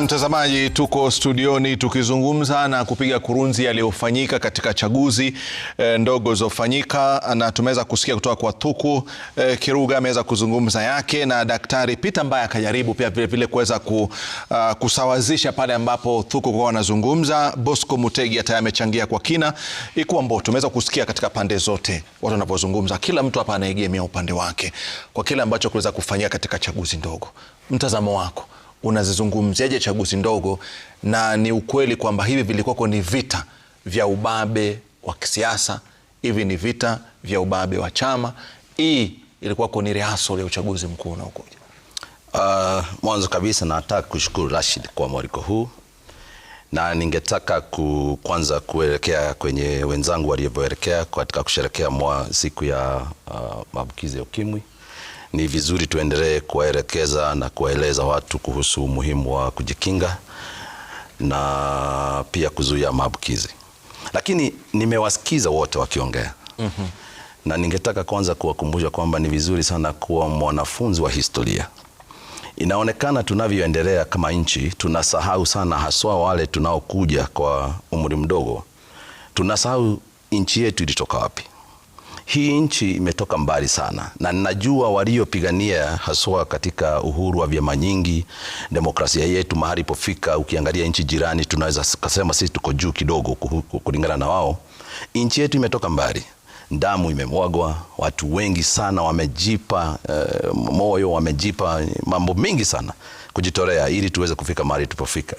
mtazamaji, tuko studioni tukizungumza na kupiga kurunzi yaliyofanyika katika chaguzi e, ndogo zilizofanyika na tumeweza kusikia kutoka kwa Thuku e, Kiruga ameweza kuzungumza yake na Daktari Peter ambaye akajaribu pia vilevile kuweza ku, uh, kusawazisha pale ambapo Thuku kwa wanazungumza. Bosco Mutegi hata amechangia kwa kina ikuwa mbo, tumeweza kusikia katika pande zote watu wanapozungumza, kila mtu hapa anaegemea upande wake kwa kile ambacho kuweza kufanyika katika chaguzi ndogo. Mtazamo wako unazizungumziaje chaguzi ndogo, na ni ukweli kwamba hivi vilikuwako ni vita vya ubabe wa kisiasa, hivi ni vita vya ubabe wa chama. Hii ilikuwako ni rehearsal ya uchaguzi mkuu unaokuja. Uh, mwanzo kabisa nataka kushukuru Rashid kwa mwaliko huu na ningetaka ku, kwanza kuelekea kwenye wenzangu walivyoelekea katika kusherekea mwa siku ya uh, maambukizi ya ukimwi ni vizuri tuendelee kuwaelekeza na kuwaeleza watu kuhusu umuhimu wa kujikinga na pia kuzuia maambukizi. Lakini nimewasikiza wote wakiongea mm -hmm. na ningetaka kwanza kuwakumbusha kwamba ni vizuri sana kuwa mwanafunzi wa historia. Inaonekana tunavyoendelea kama nchi tunasahau sana, haswa wale tunaokuja kwa umri mdogo, tunasahau nchi yetu ilitoka wapi. Hii nchi imetoka mbali sana, na ninajua waliopigania haswa katika uhuru wa vyama nyingi, demokrasia yetu mahali pofika. Ukiangalia nchi jirani, tunaweza kusema sisi tuko juu kidogo kulingana na wao. Nchi yetu imetoka mbali, damu imemwagwa, watu wengi sana wamejipa eh, moyo, wamejipa mambo mengi sana kujitolea, ili tuweze kufika mahali tupofika.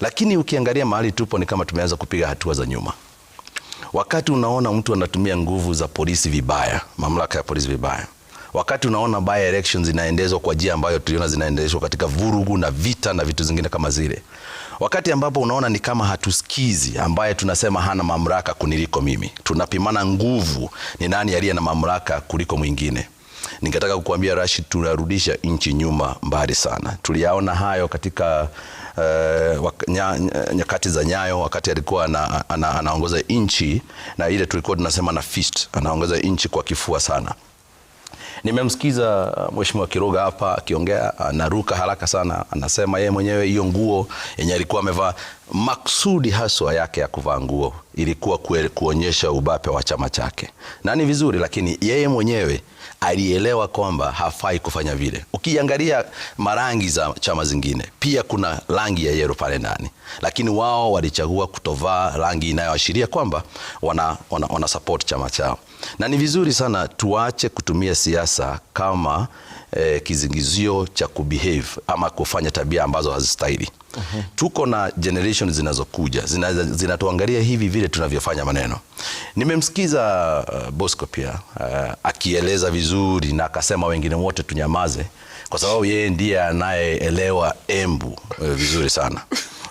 Lakini ukiangalia mahali tupo, ni kama tumeanza kupiga hatua za nyuma. Wakati unaona mtu anatumia nguvu za polisi vibaya, mamlaka ya polisi vibaya, wakati unaona by elections zinaendezwa kwa njia ambayo tuliona zinaendeshwa katika vurugu na vita na vitu zingine kama zile, wakati ambapo unaona ni kama hatusikizi ambaye tunasema hana mamlaka kuniliko mimi, tunapimana nguvu, ni nani aliye na mamlaka kuliko mwingine. Ningetaka kukuambia Rashid, tunarudisha nchi nyuma mbali sana. Tuliyaona hayo katika Eh, nyakati za Nyayo wakati alikuwa anaongoza nchi na ile tulikuwa tunasema na fist, anaongoza nchi kwa kifua sana. Nimemsikiza uh, Mheshimiwa Kiruga hapa akiongea, anaruka haraka sana, anasema yeye mwenyewe hiyo nguo yenye alikuwa amevaa, maksudi haswa yake ya kuvaa nguo ilikuwa kuonyesha ubape wa chama chake, na ni vizuri, lakini yeye mwenyewe alielewa kwamba hafai kufanya vile. Ukiangalia marangi za chama zingine pia kuna rangi ya yero pale ndani, lakini wao walichagua kutovaa rangi inayoashiria kwamba wana, wana, wana support chama chao, na ni vizuri sana tuache kutumia siasa kama eh, kizingizio cha kubehave ama kufanya tabia ambazo hazistahili. uh -huh. Tuko na generation zinazokuja zinatuangalia zina hivi vile tunavyofanya maneno. Nimemsikiza uh, Bosco pia uh, akieleza vizuri na akasema wengine wote tunyamaze kwa sababu yeye ndiye anayeelewa Embu uh, vizuri sana.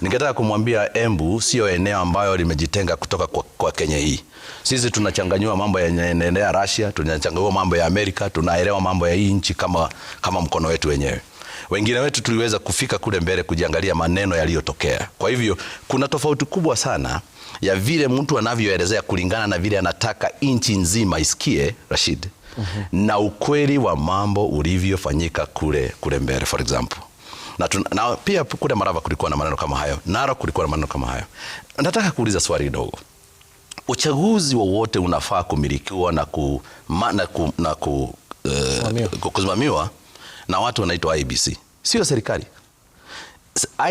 Ningetaka kumwambia Embu sio eneo ambayo limejitenga kutoka kwa, kwa Kenya hii sisi tunachanganywa mambo yanaendelea Russia, tunachanganywa mambo ya Amerika, tunaelewa mambo ya hii nchi kama, kama mkono wetu wenyewe. Wengine wetu tuliweza kufika kule mbele kujiangalia maneno yaliyotokea. Kwa hivyo kuna tofauti kubwa sana ya vile mtu anavyoelezea kulingana na vile anataka nchi nzima isikie Rashid, mm -hmm. na ukweli wa mambo ulivyofanyika kule kule mbele for example na, tuna, na pia kule Marava kulikuwa na maneno kama hayo, Nara kulikuwa na maneno kama hayo. Nataka kuuliza swali kidogo uchaguzi wowote unafaa kumilikiwa na, ku, na, ku, na ku, uh, kusimamiwa na watu wanaitwa IBC, sio serikali.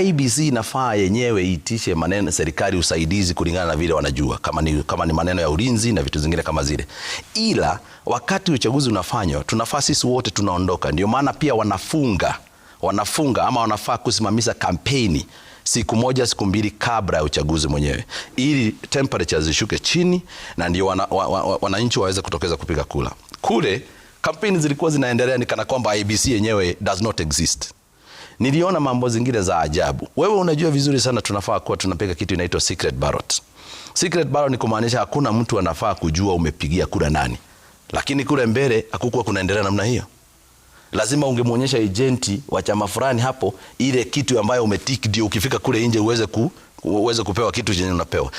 IBC inafaa yenyewe iitishe maneno serikali usaidizi kulingana na vile wanajua, kama ni, kama ni maneno ya ulinzi na vitu zingine kama zile, ila wakati uchaguzi unafanywa tunafaa sisi wote tunaondoka. Ndio maana pia wanafunga wanafunga ama wanafaa kusimamisha kampeni siku moja siku mbili kabla ya uchaguzi mwenyewe, ili temperature zishuke chini, na ndio wananchi wa, wa, wa, waweze kutokeza kupiga kula. Kule kampeni zilikuwa zinaendelea ni kana kwamba IBC yenyewe does not exist. Niliona mambo zingine za ajabu. Wewe unajua vizuri sana tunafaa kuwa tunapiga kitu inaitwa secret ballot. Secret ballot ni kumaanisha hakuna mtu anafaa kujua umepigia kura nani, lakini kule mbele hakukuwa kunaendelea namna hiyo lazima ungemwonyesha ejenti wa chama fulani hapo ile kitu ambayo umetiki, ndio ukifika kule nje uweze, ku, uweze kupewa kitu chenye unapewa.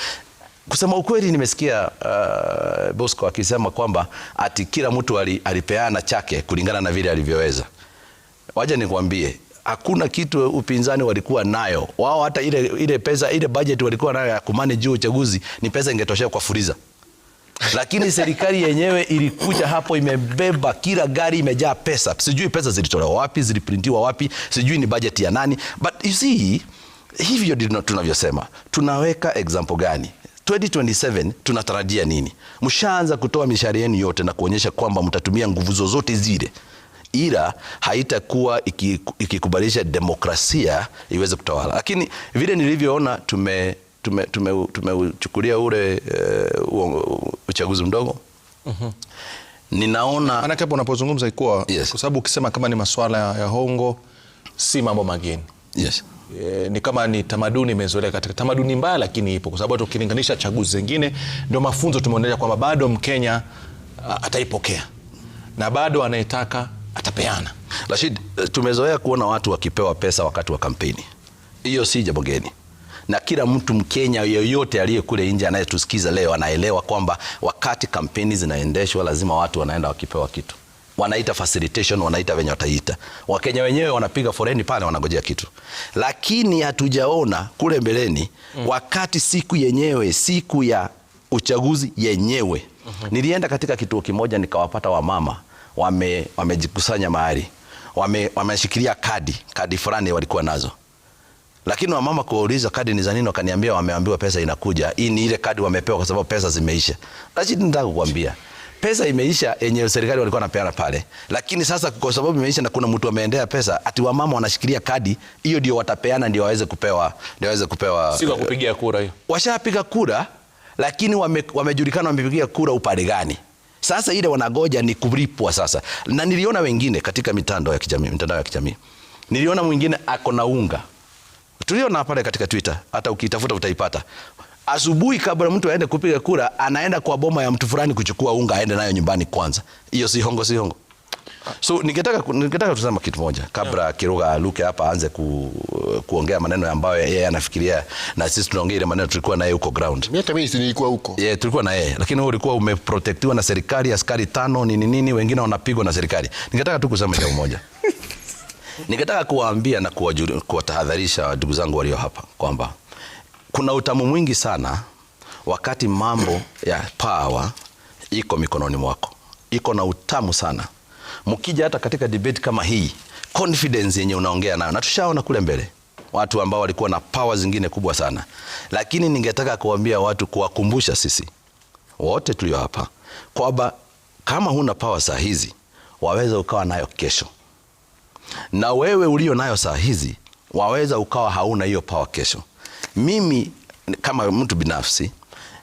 Kusema ukweli, nimesikia uh, Bosco akisema kwamba ati kila mtu alipeana chake kulingana na vile alivyoweza. Waje nikwambie hakuna kitu upinzani walikuwa nayo wao, hata ile, ile pesa ile budget walikuwa nayo ya kumanage uchaguzi ni pesa ingetoshea kwa Fuliza lakini serikali yenyewe ilikuja hapo, imebeba kila gari imejaa pesa. Sijui pesa zilitolewa wapi, ziliprintiwa wapi, sijui ni bajeti ya nani, but you see, hivyo ndivyo tunavyosema. Tunaweka example gani? 2027 tunatarajia nini? Mshaanza kutoa mishahara yenu yote na kuonyesha kwamba mtatumia nguvu zozote zile, ila haitakuwa ikikubalisha demokrasia iweze kutawala. Lakini vile nilivyoona tume tumeuchukulia tume, tume ule uh, uchaguzi mdogo mm-hmm. Ninaona manake hapo unapozungumza ikuwa yes. Kwa sababu ukisema kama ni masuala ya hongo si mambo mageni yes. E, ni kama ni tamaduni imezoeleka katika tamaduni mbaya, lakini ipo kwa sababu hata ukilinganisha chaguzi zingine, ndio mafunzo tumeonelea kwamba bado Mkenya ataipokea na bado anayetaka atapeana. Rashid, eh, tumezoea kuona watu wakipewa pesa wakati wa kampeni, hiyo si jambo geni na kila mtu Mkenya yoyote aliye kule nje anayetusikiza leo anaelewa kwamba wakati kampeni zinaendeshwa lazima watu wanaenda wakipewa kitu wanaita facilitation, wanaita venye wataita Wakenya wenyewe wanapiga foreni pale, wanangojea kitu, lakini hatujaona kule mbeleni mm. Wakati siku yenyewe, siku ya uchaguzi yenyewe mm -hmm. Nilienda katika kituo kimoja nikawapata wamama wamejikusanya wame mahali wameshikilia wame kadi kadi fulani walikuwa nazo lakini wamama kuwauliza kadi ni za nini, wakaniambia wameambiwa pesa inakuja. Hii ni ile kadi wamepewa kwa sababu pesa zimeisha. Lakini nataka kukwambia pesa imeisha yenye serikali walikuwa wanapeana pale, lakini sasa kwa sababu imeisha na kuna mtu ameendea pesa, ati wamama wanashikilia kadi hiyo, ndio watapeana, ndio waweze kupewa, ndio waweze kupewa. Si kwa kupigia kura hiyo, washapiga kura, lakini wame, wamejulikana wamepigia kura upande gani. Sasa ile wanagoja ni kulipwa sasa, na niliona wengine katika mitandao ya kijamii, mitandao ya kijamii niliona mwingine ako na unga tulio na pale katika Twitter, hata ukitafuta utaipata. Asubuhi kabla mtu aende kupiga kura, anaenda kwa boma ya mtu fulani kuchukua unga aende nayo nyumbani kwanza. Hiyo si hongo, si hongo. So ningetaka ningetaka tusema kitu moja kabla yeah. Kiruga Luke hapa aanze ku, kuongea maneno ambayo yeye yeah, anafikiria na sisi tunaongea ile maneno tulikuwa naye huko ground. Mimi hata mimi nilikuwa huko. Yeah, tulikuwa naye lakini wewe ulikuwa umeprotectiwa na serikali askari tano nini nini wengine wanapigwa na serikali. Ningetaka tu kusema jambo moja. Ningetaka kuwaambia na kuwatahadharisha ndugu zangu walio hapa kwamba kuna utamu mwingi sana wakati mambo ya power iko mikononi mwako, iko na utamu sana. Mkija hata katika debate kama hii, confidence yenye unaongea nayo, na tushaona kule mbele watu ambao walikuwa na power zingine kubwa sana, lakini ningetaka kuambia watu, kuwakumbusha sisi wote tulio hapa kwamba kama huna power saa hizi, waweza ukawa nayo kesho na wewe ulio nayo saa hizi waweza ukawa hauna hiyo pawa kesho. Mimi kama mtu binafsi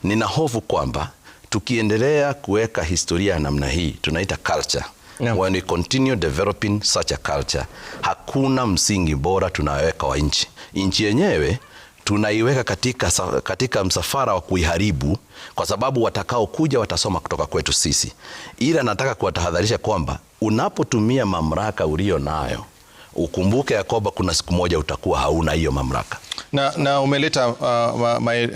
nina hofu kwamba tukiendelea kuweka historia ya namna hii tunaita culture yeah. When we continue developing such a culture, hakuna msingi bora tunaweka wa nchi nchi yenyewe tunaiweka katika, katika msafara wa kuiharibu kwa sababu watakaokuja watasoma kutoka kwetu sisi. Ila nataka kuwatahadharisha kwamba unapotumia mamlaka uliyo nayo ukumbuke ya kwamba kuna siku moja utakuwa hauna hiyo mamlaka. Na, na umeleta uh, ma, ma, eh,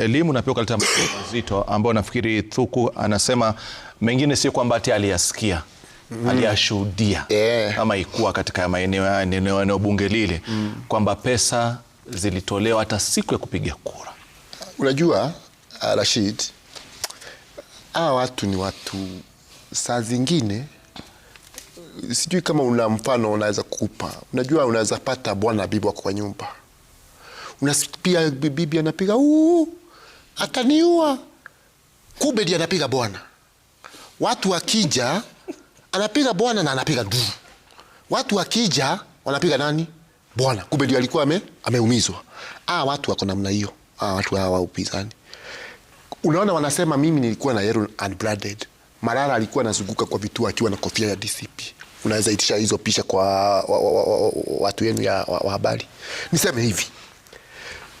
elimu na pia ukaleta mazito ambayo nafikiri Thuku anasema mengine sio kwamba ati aliyasikia Mm. Aliyashuhudia yeah. Ama ikuwa katika maeneo eneo bunge lile mm. kwamba pesa zilitolewa hata siku ya kupiga kura. Unajua ah, Rashid, hawa watu ni watu, saa zingine sijui kama una mfano unaweza kupa. Unajua, unaweza pata bwana bibi wako kwa nyumba, unasikia bibi anapiga uu, ataniua, kumbe ndiye anapiga bwana. Watu wakija anapiga bwana na anapiga du, watu wakija wanapiga nani bwana, kumbe ndio alikuwa ame, ameumizwa. Ah, watu wako namna hiyo. Ah, watu hawa upinzani, unaona, wanasema mimi nilikuwa na yero and blooded. Malala alikuwa anazunguka kwa vituo akiwa na kofia ya DCP. Unaweza itisha hizo picha kwa wa, wa, wa, wa, watu wenu ya wa, wa habari. Niseme hivi,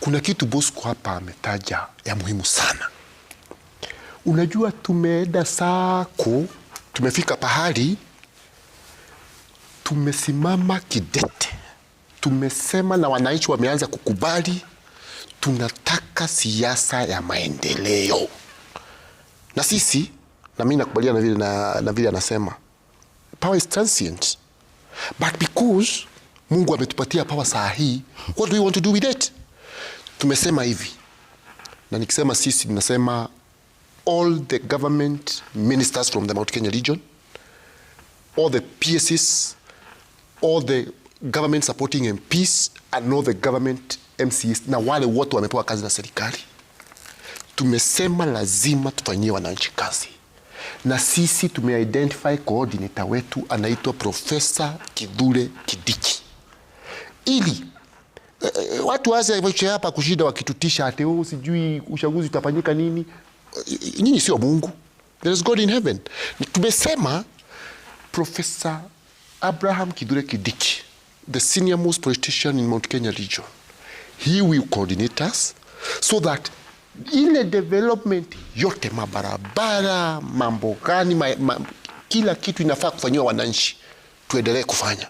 kuna kitu Bosco hapa ametaja ya muhimu sana. Unajua, tumeenda sako, tumefika pahali tumesimama kidete tumesema na wananchi wameanza kukubali, tunataka siasa ya maendeleo. Na sisi na mimi nakubalia na vile na, na vile anasema power is transient but because Mungu ametupatia power saa hii, what do we want to do with it? Tumesema hivi, na nikisema sisi ninasema all the government ministers from the Mount Kenya region all the PSCs all the government supporting MPs and not the government MCs na wale wote wamepewa kazi na serikali. Tumesema lazima tufanyie wananchi kazi, na sisi tumeidentify coordinator wetu anaitwa Profesa Kithure Kidiki ili uh, watu wazi waze hapa kushida wakitutisha ati oh, sijui uchaguzi utafanyika nini. Eh, nyinyi sio Mungu, there is God in heaven. Tumesema Profesa Abraham Kithure Kidiki the senior most politician in Mount Kenya region. He will coordinate us so that ile development yote mabarabara, mambo gani ma, ma, kila kitu inafaa kufanyiwa wananchi, tuendelee kufanya.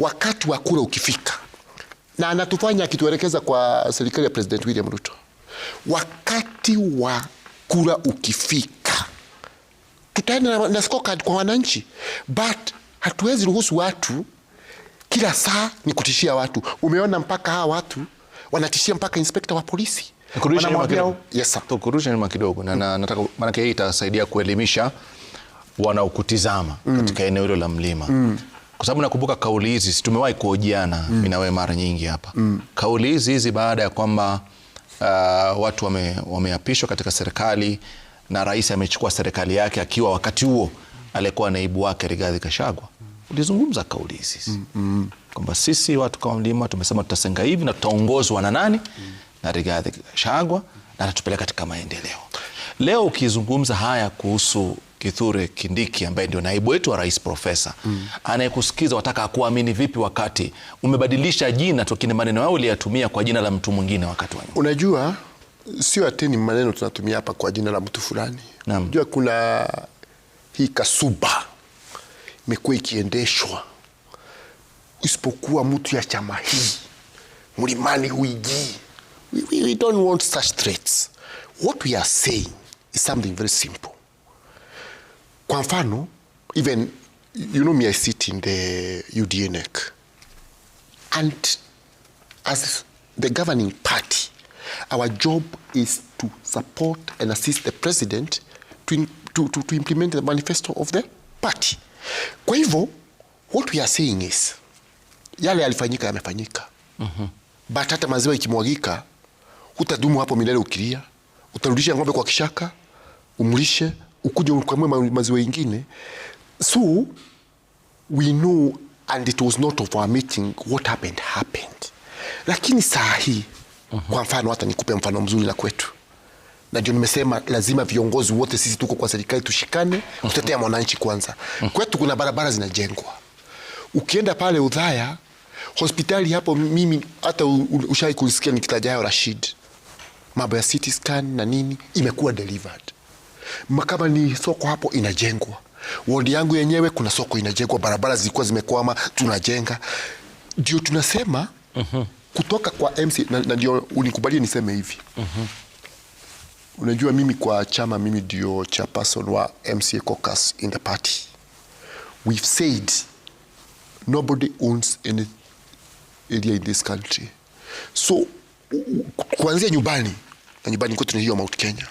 Wakati wa kura ukifika, na anatufanya akituelekeza kwa serikali ya President William Ruto, wakati wa kura ukifika, tutaenda na scorecard kwa wananchi, but hatuwezi ruhusu watu kila saa ni kutishia watu. Umeona mpaka hawa watu wanatishia mpaka inspekta wa polisi. Tukurudishe nyuma kidogo maanake hii itasaidia kuelimisha wanaokutizama mm. katika eneo hilo la mlima mm. kwa sababu nakumbuka kauli hizi si tumewahi kuhojiana mm. mimi mm. na wewe mara nyingi hapa mm. kauli hizi hizi baada ya kwamba uh, watu wame, wameapishwa katika serikali na rais amechukua serikali yake akiwa wakati huo alikuwa naibu wake Rigathi Gachagua mm ulizungumza kauli hizi mm, mm. kwamba sisi watu kwa mlima tumesema tutasenga hivi na tutaongozwa na nani mm. na Rigathi Gachagua na natupeleka katika maendeleo. Leo ukizungumza haya kuhusu Kithure Kindiki ambaye ndio naibu wetu wa rais profesa mm. anayekusikiza wataka kuamini vipi wakati umebadilisha jina tokini maneno yao uliyatumia kwa jina la mtu mwingine wakati wa nyuma. Unajua sio ateni maneno tunatumia hapa kwa jina la mtu fulani. Unajua kuna hii kasuba imekuwa ikiendeshwa, isipokuwa mtu ya chama hii mlimani huigii. We, we, don't want such threats. What we are saying is something very simple. Kwa mfano, even you know me I sit in the udnec and as the governing party our job is to support and assist the president to, to, to, to implement the manifesto of the party kwa hivyo what we are saying is yale yalifanyika yamefanyika. mm -hmm. But hata maziwa ikimwagika, utadumu hapo milele ukilia, utarudisha ng'ombe kwa kishaka, umlishe, ukuje ukamwe maziwa ingine. So we know and it was not of our meeting what happened happened, lakini saa hii mm -hmm. Kwa mfano hata nikupe mfano mzuri la kwetu na ndio nimesema lazima viongozi wote sisi tuko kwa serikali tushikane kutetea mwananchi kwanza. Kwetu kuna barabara zinajengwa, ukienda pale Udhaya hospitali hapo, mimi hata ushawai kusikia nikitajayo Rashid, mambo ya CT scan na nini imekuwa delivered. Makama ni soko hapo inajengwa, wodi yangu yenyewe kuna soko inajengwa, barabara zilikuwa zimekwama tunajenga. Ndio tunasema uh mhm. -huh. kutoka kwa MC na, ndio unikubalie niseme hivi uh mhm. -huh. Unajua, mimi kwa chama, mimi ndio chairperson wa MCA caucus in the party. We've said nobody owns any area in this country, so kuanzia nyumbani na nyumbani kwetu ni hiyo Mount Kenya.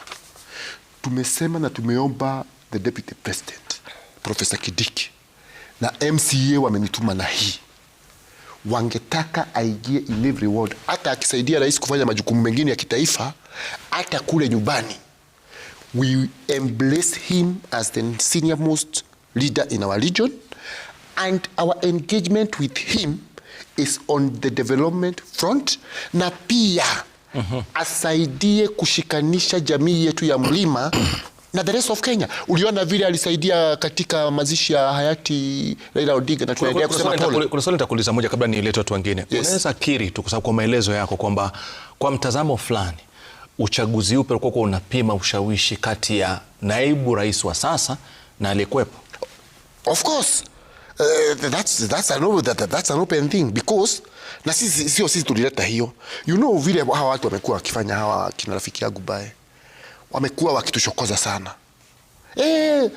Tumesema na tumeomba the deputy president Professor Kidiki na MCA wamenituma na hii wangetaka aigie in every world, hata akisaidia rais kufanya majukumu mengine ya kitaifa, hata kule nyumbani. We embrace him as the senior most leader in our region and our engagement with him is on the development front, na pia mhm. asaidie kushikanisha jamii yetu ya mlima na the rest of Kenya. Uliona vile alisaidia katika mazishi ya hayati Raila Odinga na tunaendelea kusema pole. Kuna swali nitakuuliza moja kabla niilete watu wengine. Yes. Unaweza kiri tu kwa sababu kwa maelezo yako kwamba kwa mtazamo fulani uchaguzi upe ulikuwa kwa unapima ushawishi kati ya naibu rais wa sasa na aliyekuwepo. Of course. Uh, that's, that's, an open, that, that's an open thing because na sisi sio sisi tulileta hiyo. You know vile hawa watu wamekuwa wakifanya hawa kina rafiki yangu bae wamekuwa wakitushokoza sana e,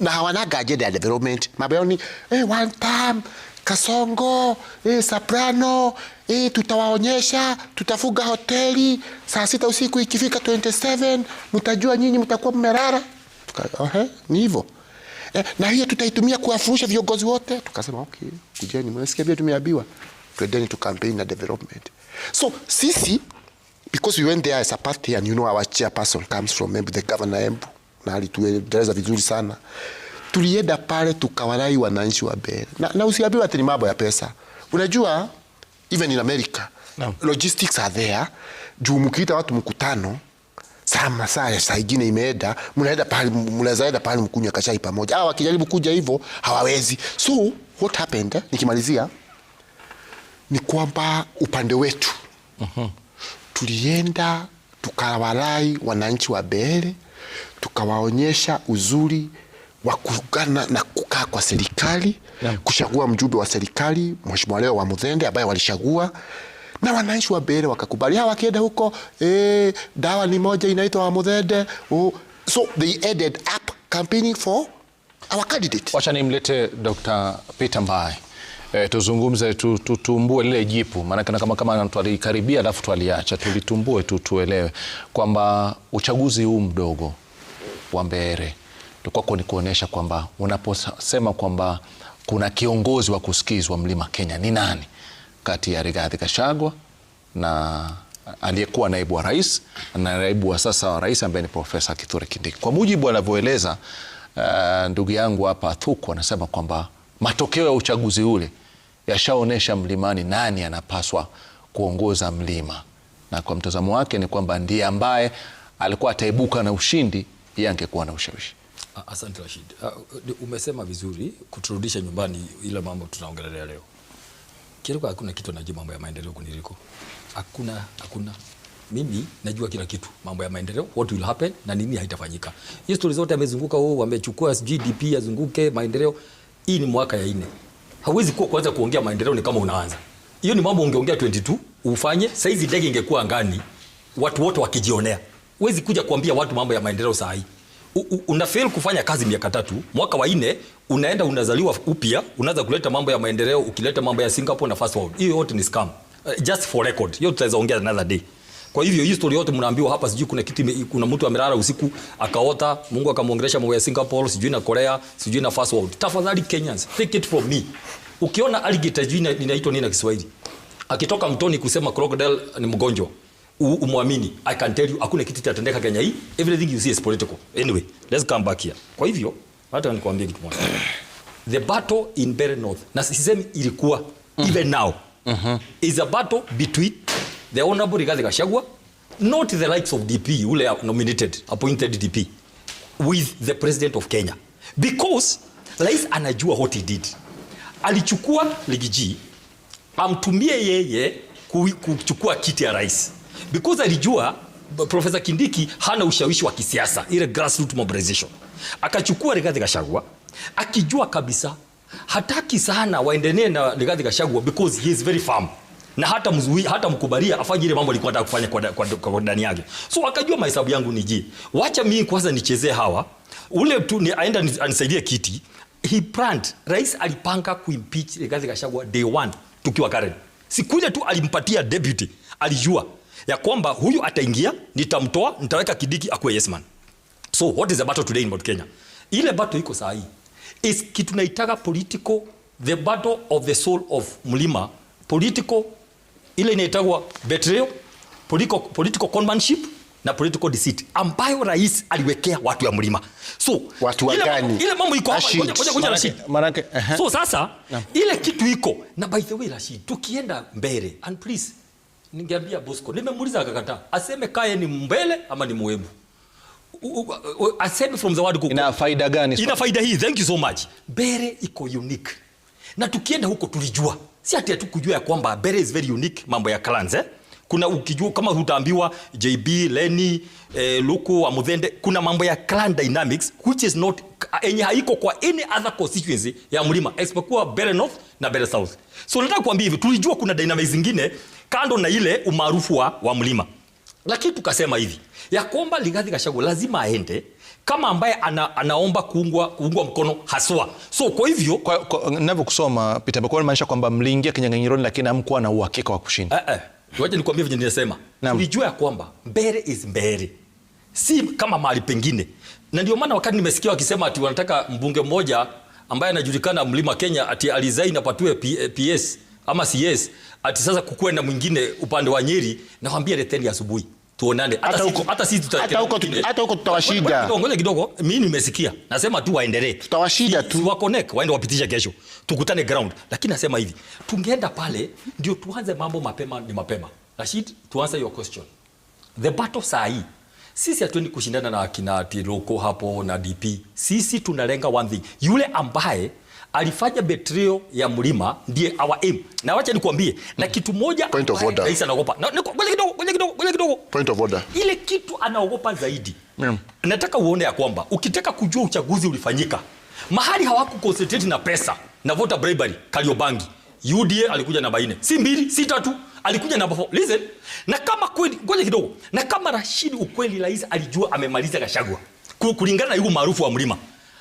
na hawanaga ajenda ya development. Mambo yao ni e, one time Kasongo e, Soprano e, tutawaonyesha, tutafuga hoteli saa sita usiku ikifika 27 mtajua nyinyi mtakuwa mmerara. Tuka, ni hivyo e, na hiyo tutaitumia kuwafurusha viongozi wote. Tukasema okay, kujeni, mnasikia vile tumeambiwa, twendeni tu campaign na development. So sisi because we went there as a party and you know our chairperson comes from Embu, the governor Embu, na alitueleza vizuri sana. Tulienda pale tukawarai wananchi wa Bere na, na usiambiwe ati ni mambo ya pesa. Unajua even in America no. logistics are there juu mkiita watu mkutano sama saa saa ingine imeenda, mnaenda pale, mnaweza enda pale mkunywa kachai pamoja. Hawa wakijaribu kuja hivyo hawawezi. So what happened, nikimalizia ni kwamba upande wetu uh mhm. -huh tulienda tukawalai wananchi wa Beere, tukawaonyesha uzuri wa kuungana na kukaa kwa serikali yeah, kuchagua mjumbe wa serikali Mheshimiwa Leo wa Mudhende ambaye walishagua na wananchi wa Beere wakakubali. Hawa ah, wakienda huko eh, dawa ni moja inaitwa wa Mudhende, Oh, so they added up campaigning for our candidate. Wacha nimlete Dr. Peter Mbaye eh, tuzungumze tutumbue lile jipu maanake kama kama twalikaribia alafu twaliacha, tulitumbue tu tuelewe kwamba uchaguzi huu mdogo wa Mbeere kwako ni kuonyesha kwamba unaposema kwamba kuna kiongozi wa kusikizwa Mlima Kenya ni nani kati ya Rigathi Gachagua na aliyekuwa naibu wa rais na naibu wa sasa wa rais ambaye ni Profesa Kithure Kindiki, kwa mujibu anavyoeleza uh, ndugu yangu hapa Thuku anasema kwamba matokeo ya uchaguzi ule yashaonyesha mlimani nani anapaswa kuongoza mlima, na kwa mtazamo wake ni kwamba ndiye ambaye alikuwa ataibuka na ushindi, yeye angekuwa na ushawishi. Asante Rashid, uh, umesema vizuri kuturudisha nyumbani, ile mambo tunaongelea leo Kieriko, hakuna kitu anajua mambo ya maendeleo kuniliko. Hakuna, hakuna. Mimi najua kila kitu mambo ya maendeleo, what will happen na nini haitafanyika. Hizo stori zote amezunguka, wamechukua oh, GDP azunguke maendeleo hii ni mwaka ya nne. Hawezi kuwa kwanza kuongea maendeleo ni kama unaanza. Hiyo ni mambo ungeongea 22 ufanye, saizi ndege ingekuwa angani, watu wote wakijionea. Huwezi kuja kuambia watu mambo ya maendeleo saa hii. Una fail kufanya kazi miaka tatu, mwaka wa nne unaenda unazaliwa upya, unaanza kuleta mambo ya maendeleo, ukileta mambo ya Singapore na first world. Hiyo yote ni scam. Uh, just for record. Hiyo tutaweza ongea another day. Kwa hivyo hii story yote mnaambiwa hapa, sijui kuna kitu, kuna mtu amelala usiku akaota, Mungu akamwongelesha mambo ya Singapore, sijui na Korea, sijui na First World. Tafadhali Kenyans, take it from me. Ukiona alligator juu inaitwa nini na Kiswahili? Akitoka mtoni kusema crocodile ni mgonjwa. Umwamini. I can tell you hakuna kitu kitatendeka Kenya hii. Everything you see is political. Anyway, let's come back here. Kwa hivyo hata nikwambie kitu moja. The battle in Bere North. Na sisemi ilikuwa mm. even now. Mm -hmm. Is a battle between the honorable Rigathi Gachagua not the likes of DP ule nominated appointed DP with the president of Kenya because rais anajua what he did. Alichukua ligiji amtumie yeye kuchukua kiti ya rais because alijua Profesa Kindiki hana ushawishi wa kisiasa, ile grassroots mobilization. Akachukua Rigathi Gachagua akijua kabisa hataki sana waendelee na Rigathi Gachagua because he is very firm na hata mzuia, hata mkubalia afanye ile mambo alikuwa anataka kufanya kwa, kwa, kwa ndani yake. So akajua mahesabu yangu ni je, wacha mimi kwanza nichezee hawa ule tu ni aenda anisaidie kiti. He planned. Rais alipanga kuimpeach Rigathi Gachagua day one tukiwa Karen. Sikuje tu alimpatia deputy, alijua ya kwamba huyu ataingia, nitamtoa, nitaweka Kidiki akuwe yes man. So what is the battle today in Mount Kenya? Ile battle iko saa hii is kitu naitaka political the battle of the soul of mlima political ile inaitagwa betrayal, political, political conmanship na political deceit ambayo rais aliwekea watu ya mlima. So watu wa gani? Ile mambo iko hapa. Ngoja ngoja Rashid. Manake, uh eh. -huh. So sasa no. Ile kitu iko na by the way Rashid, tukienda mbele and please ningeambia Bosco, nimemuuliza akakata Aseme kae ni mbele ama ni mwebu. Aseme from the word go. Ina faida gani? Ina faida hii. Thank you so much. Mbele iko unique na tukienda huko tulijua, si hati hatukujua ya kwamba Bere is very unique mambo ya clans eh? Kuna ukijua kama utaambiwa JB leni eh, Luku Amuthende, kuna mambo ya clan dynamics which is not enye haiko kwa any other constituency ya mlima isipokuwa Bere North na Bere South. So nataka kuambia hivi, tulijua kuna dynamics zingine kando na ile umaarufu wa, wa mlima lakini tukasema hivi ya kwamba Rigathi Gachagua lazima aende kama ambaye ana, anaomba kuungwa, kuungwa mkono haswa. So kwa hivyo kwa, kwa, ninavyokusoma Peter Bokone maanisha kwamba mliingia kinyang'anyironi lakini amkuwa na uhakika wa kushinda. Eh, eh. Waje nikwambie vile nimesema Tulijua ya kwamba mbere is mbere Si kama mahali pengine. Na ndio maana wakati nimesikia wakisema ati wanataka mbunge mmoja ambaye anajulikana Mlima Kenya ati alizaini apatiwe PS eh, ama si yes ati sasa kukwenda mwingine upande wa Nyeri, nakwambia leteni asubuhi tuonane, hata sisi hata huko tutawashida. Ngoja kidogo, mimi nimesikia, nasema tu waendelee, tutawashida tu, wa connect waende wapitisha kesho, tukutane ground. Lakini nasema hivi, tungeenda pale ndio tuanze mambo mapema, ni mapema. Rashid, to answer your question, the battle saa hii sisi hatuendi kushindana na kina Tiroko hapo na DP. Sisi tunalenga one thing, yule ambaye alifanya betrio ya mlima ndiye our aim. Na wacha nikwambie, na hmm. kitu moja point of order, rais anaogopa. Ngoja kidogo, ngoja kidogo, ngoja kidogo, point of order. Ile kitu anaogopa zaidi, mm. nataka uone ya kwamba ukitaka kujua uchaguzi ulifanyika mahali hawaku concentrate na pesa na voter bribery. Kariobangi UDA alikuja namba 4, si mbili, si tatu, alikuja namba 4. Listen, na kama kweli, ngoja kidogo, na kama Rashid ukweli rais alijua amemaliza Gachagua kulingana na yule maarufu wa mlima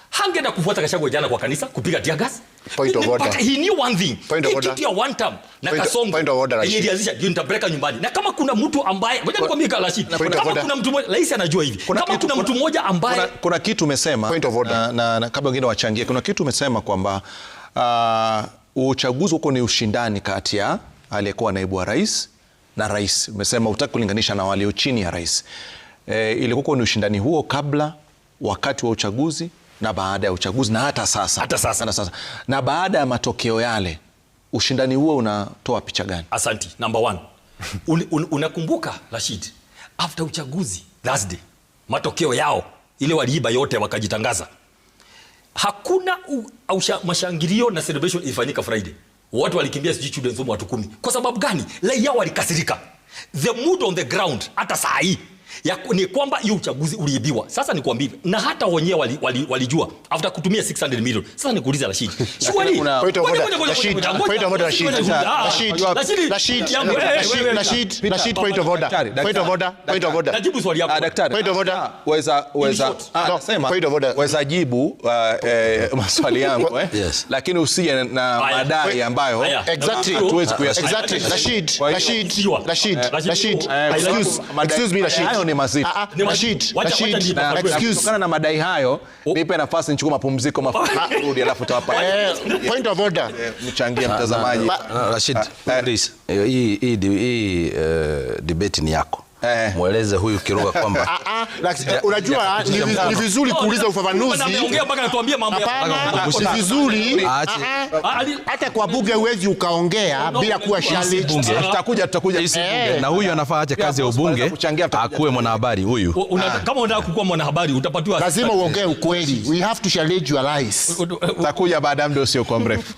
hangeenda kufuata Gachagua jana kwa kanisa kupiga tear gas. Point of order. he knew one thing. Point of order. Kitia one term na Kasongo. Point of order. Yeye alianzisha juntabreka nyumbani. Na kama kuna mtu ambaye ngoja nikwambie Kalashi. Kama kuna mtu mmoja rais anajua hivi. Kama kuna mtu mmoja ambaye kuna kitu umesema na, na kabla wengine wachangie kuna kitu umesema kwamba uh, uchaguzi huko ni ushindani kati ya aliyekuwa naibu wa rais na rais. Umesema utaki kulinganisha na walio chini ya rais. E, ilikuwa ni ushindani huo kabla, wakati wa uchaguzi na baada ya uchaguzi na hata sasa, hata sasa. Hata sasa. Na baada ya matokeo yale ushindani huo unatoa picha gani? Asanti. Number one. un, un, unakumbuka Rashid, after uchaguzi last day matokeo yao ile waliiba yote wakajitangaza, hakuna u, mashangilio na celebration ifanyika Friday. Watu walikimbia sijui Children's Home watu kumi. Kwa sababu gani? lai yao walikasirika, the mood on the ground hata saa hii ya, ni kwamba hiyo uchaguzi uliibiwa. Sasa nikwambie, na hata wenyewe walijua wali, wali after kutumia 600 million. Sasa nikuuliza Rashid, shughuli point of order Rashid, Rashid, Rashid, Rashid, Rashid, point of order, point of order, point of order. Najibu swali yako daktari, point of order. Waweza waweza sema point of order, waweza jibu maswali yangu eh, lakini usije na madai ambayo exactly, tuwezi kuyasema exactly. Rashid, Rashid, Rashid, Rashid, excuse me Rashid hayo ni mazito. Kutokana na madai hayo, oh. nipe nafasi nichukue mapumziko mafupi kurudi, ah. ah, alafu tawapa eh, point of order, eh, mchangie mtazamaji. Ah, Rashid, eh. hii debate ni yako. Eh. Mweleze huyu kiruga kwamba unajua ni vizuri kuuliza ufafanuzi. Ni vizuri ah, ah. Ah, hata kwa bunge huwezi ukaongea bila kuwa shali. Tutakuja tutakuja eh. Na huyu anafaa ache kazi ya ubunge akuwe mwanahabari huyu. Kama unataka kuwa mwanahabari utapatiwa lazima uongee ukweli. We have to challenge your lies. Takuja baada ya muda usio kwa mrefu.